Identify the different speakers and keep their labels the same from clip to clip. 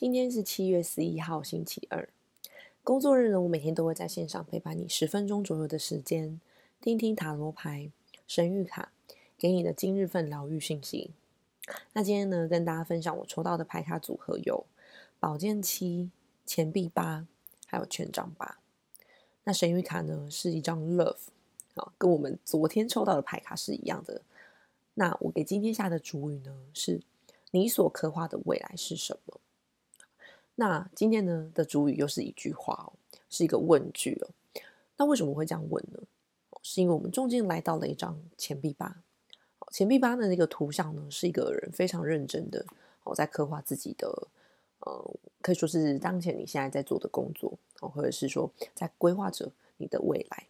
Speaker 1: 今天是七月十一號，星期二，工作日呢，我每天都會在線上陪伴你十分鐘左右的時間，聽聽塔羅牌、神諭卡給你的今日份療癒訊息。那今天呢，跟大家分享我抽到的牌卡組合有寶劍七、錢幣八，還有權杖八。那神諭卡呢是一張 Love，好，跟我們昨天抽到的牌卡是一樣的。那我給今天下的主語呢是：你所刻畫的未來是什麼？那今天呢的主語又是一句話哦，是一個問句哦。那為什麼會這樣問呢？是因為我們中間來到了一張錢幣八。錢幣八的那個圖像呢，是一個人非常認真的哦，在刻畫自己的，呃，可以說是當前你現在在做的工作哦，或者是說在規劃着你的未來。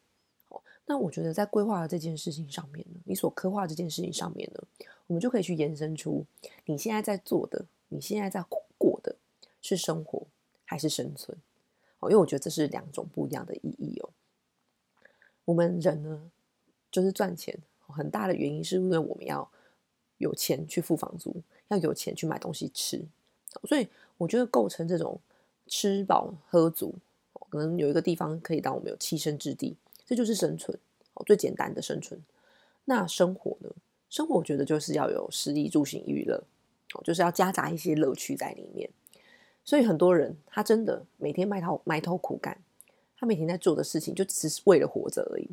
Speaker 1: 哦，那我覺得在規劃的這件事情上面呢，你所刻畫這件事情上面呢，我們就可以去延伸出你現在在做的，你現在在畫的，是生活還是生存？哦，因為我覺得這是兩種不一樣的意義哦。我們人呢，就是賺錢、哦、很大的原因，是因為我們要有錢去付房租，要有錢去買東西吃。所以我覺得構成這種吃飽喝足、哦，可能有一個地方可以當我們有棲身之地，這就是生存哦，最簡單的生存。那生活呢？生活我覺得就是要有食衣住行娛樂哦，就是要夾雜一些樂趣在裡面。所以很多人他真的每天埋頭埋頭苦幹，他每天在做的事情就只是為了活着而已。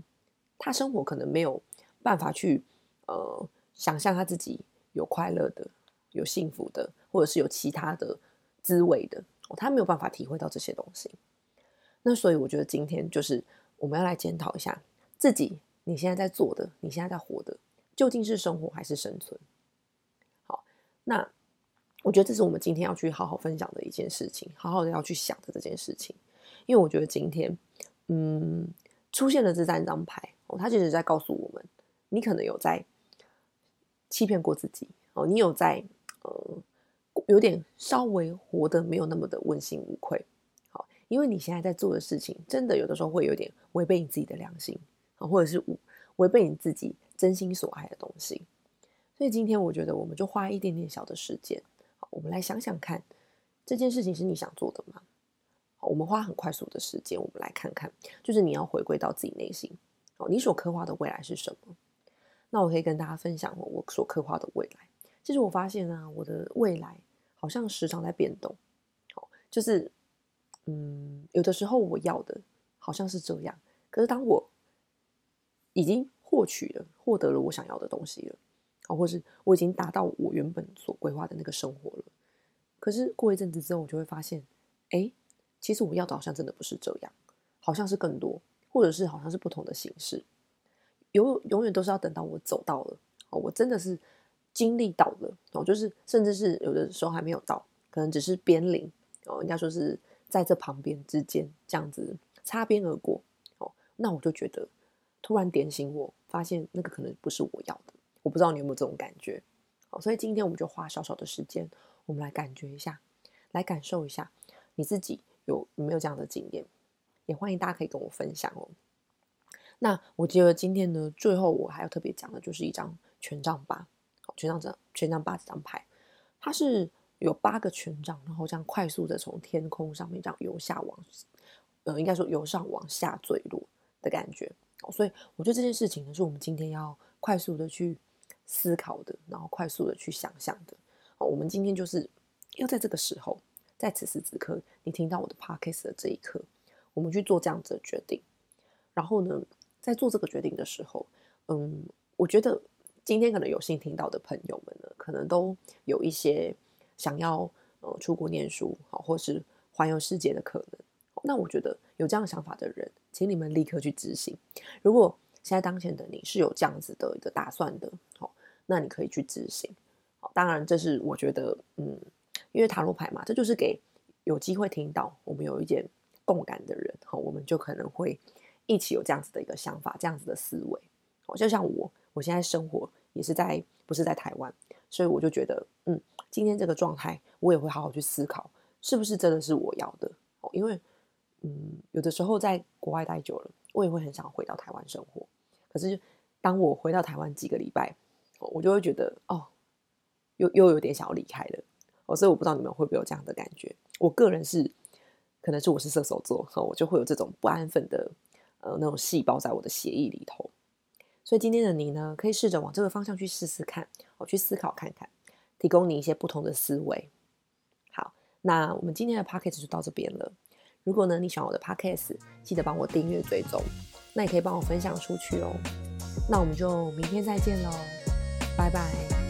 Speaker 1: 他生活可能沒有辦法去呃想象他自己有快樂的、有幸福的，或者是有其他的滋味的，哦，他沒有辦法體會到這些東西。那所以我覺得今天就是我們要來檢討一下自己，你現在在做的，你現在在活的，究竟是生活還是生存？好，那。我覺得這是我們今天要去好好分享的一件事情，好好的要去想的這件事情。因為我覺得今天，嗯，出現了這三張牌哦、喔，它其實在告訴我們，你可能有在欺騙過自己哦、喔，你有在呃、嗯，有點稍微活得沒有那麼的問心無愧、喔。因為你現在在做的事情，真的有的時候會有點違背你自己的良心、喔、或者是違背你自己真心所愛的東西。所以今天我覺得我們就花一點點小的時間。我們來想想看，這件事情是你想做的嗎？好，我們花很快速的時間，我們來看看，就是你要回歸到自己內心，哦，你所刻畫的未來是什麼？那我可以跟大家分享我我所刻畫的未來。其實我發現呢、啊，我的未來好像時常在變動，就是，嗯，有的時候我要的好像是這樣，可是當我已經獲取了，獲得了我想要的東西了。哦，或是我已經達到我原本所規劃的那個生活了，可是過一陣子之後，我就會發現，欸，哎，其實我要的，好像真的不是這樣，好像是更多，或者是好像是不同的形式。永永遠都是要等到我走到了哦，我真的是經歷到了哦，就是甚至是有的時候還沒有到，可能只是邊臨哦，應該說是在這旁邊之間這樣子擦邊而過哦，那我就覺得突然點醒我，發現那個可能不是我要的。我不知道你有沒有這種感覺？好，所以今天我們就花少少的時間，我們來感覺一下，來感受一下你自己有沒有這樣的經驗，也歡迎大家可以跟我分享哦。那我覺得今天呢，最後我還要特別講的就是一張權杖八，好，權杖這權杖八這張牌，它是有八個權杖，然後這樣快速的從天空上面這樣由下往，呃，應該說由上往下墜落的感覺。所以我覺得這件事情呢，是我們今天要快速的去。思考的，然後快速的去想象的。哦，我們今天就是要在這個時候，在此時此刻，你聽到我的 podcast 的這一刻，我們去做這樣子的決定。然後呢，在做這個決定的時候，嗯，我覺得今天可能有幸聽到的朋友們呢，可能都有一些想要呃出國念書，好，哦，或是環遊世界的可能。哦，那我覺得有這樣的想法的人，請你們立刻去執行。如果現在當前的你是有這樣子的一個打算的，好，那你可以去執行。好，當然這是我覺得，嗯，因為塔羅牌嘛，這就是給有機會聽到我們有一點共感的人，好，我們就可能會一起有這樣子的一個想法，這樣子的思維。哦，就像我，我現在生活也是在，不是在台灣，所以我就覺得，嗯，今天這個狀態，我也會好好去思考，是不是真的是我要的。哦，因為，嗯，有的時候在國外待久了，我也會很想回到台灣生活。可是，當我回到台灣幾個禮拜，我就會覺得哦，又又有點想要離開了。哦，所以我不知道你們會不會有這樣的感覺。我個人是，可能是我是射手座，我、哦、就會有這種不安分的呃那種細胞在我的血液裡頭。所以今天的你呢，可以試着往這個方向去試試看，我、哦、去思考看看，提供你一些不同的思維。好，那我們今天的 podcast 就到這邊了。如果呢你喜歡我的 podcast，記得幫我訂閱追蹤。那也可以幫我分享出去哦。那我們就明天再見嘍，拜拜。